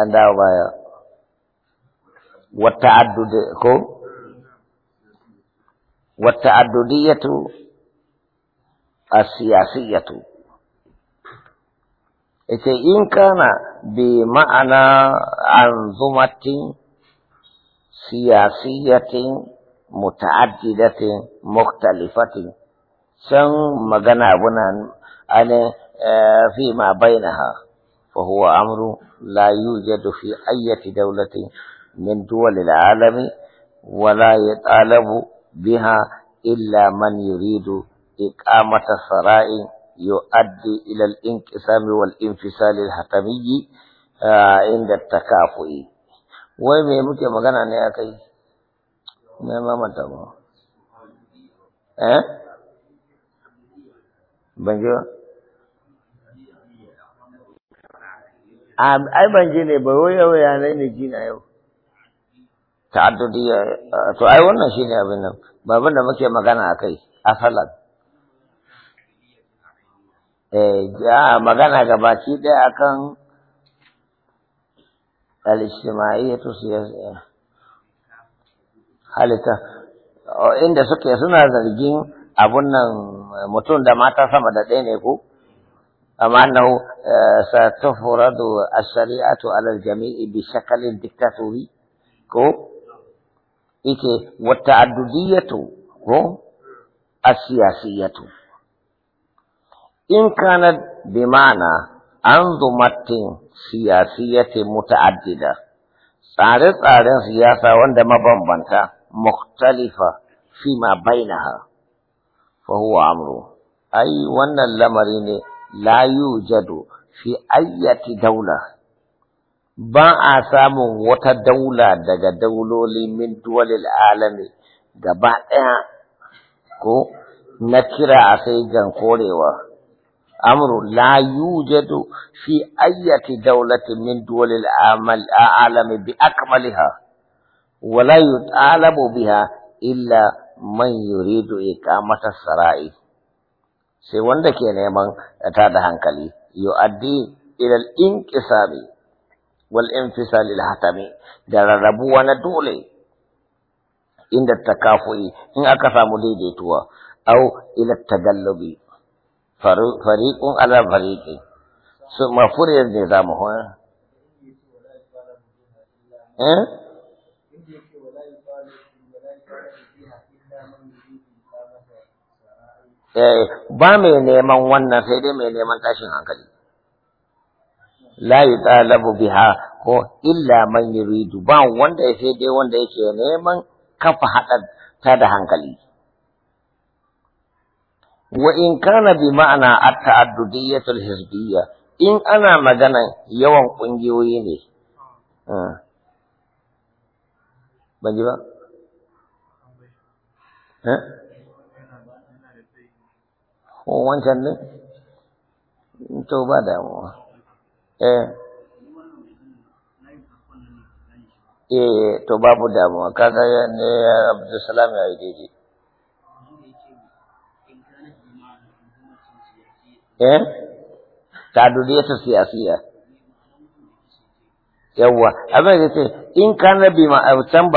an dawo baya wata addudi ko wata addudiyatu asiyasiyatu ita in kana bi ma'ana anzumatin siyasiyatin muta'addidatin muktalifatin san magana abunan ane eh, fi ma bainaha فهو أمر لا يوجد في أي دولة من دول العالم ولا يطالب بها إلا من يريد إقامة صراع يؤدي إلى الانقسام والانفصال الحتمي آه، عند التكافؤ ومي مكي مغانا ne ما ما ما ba ها؟ banjo ai ban je ne ba waya waya na ne ji na yau ta'addudi eh, to ai wannan shine abin nan babin da muke magana akai asalan eh ja magana gabaci daya akan al-ijtima'iyyatu siyasa eh, halita oh, inda suke suna zargin abun nan mutum da mata sama da ɗaya ne ko أم أنه آه، ستفرض الشريعة على الجميع بشكل دكتاتوري كو إيكي والتعددية كو السياسية إن كانت بمعنى أنظمة سياسية متعددة tsare-tsaren سياسة wanda بمبنتا مختلفة فيما بينها فهو huwa أي وأن اللمرين لا يوجد في أي دولة با أسام وتا دولة دغا دولولي من دول العالم دبا إها كو نكرا أسيجان كوريوا أمر لا يوجد في أي دولة من دول العالم بأكملها ولا يطالب بها إلا من يريد إقامة السرائح sai wanda ke neman ta da hankali yu'addi ila al-inqisabi wal infisal lil hatami da rarrabuwa na dole inda takafu'i in aka samu daidaituwa au ila tagallubi fariqun ala fariqi su mafuri ne za mu hoya eh Eh, ba mai neman wannan sai dai mai neman tashin hankali la yutalabu biha ko illa man yuridu ba wanda ya sai dai wanda yake neman kafa haɗa ta da hankali wa in kana bi ma'ana at-ta'addudiyatul hizbiyya in ana magana yawan kungiyoyi ne hmm. ban ji ba wancan ne to ba damuwa eh. eh eh to babu damuwa kaga ne Abdulsalam ya yi daidai eh tadudiyatu siyasiya yawwa abin da ce in kana bi ma can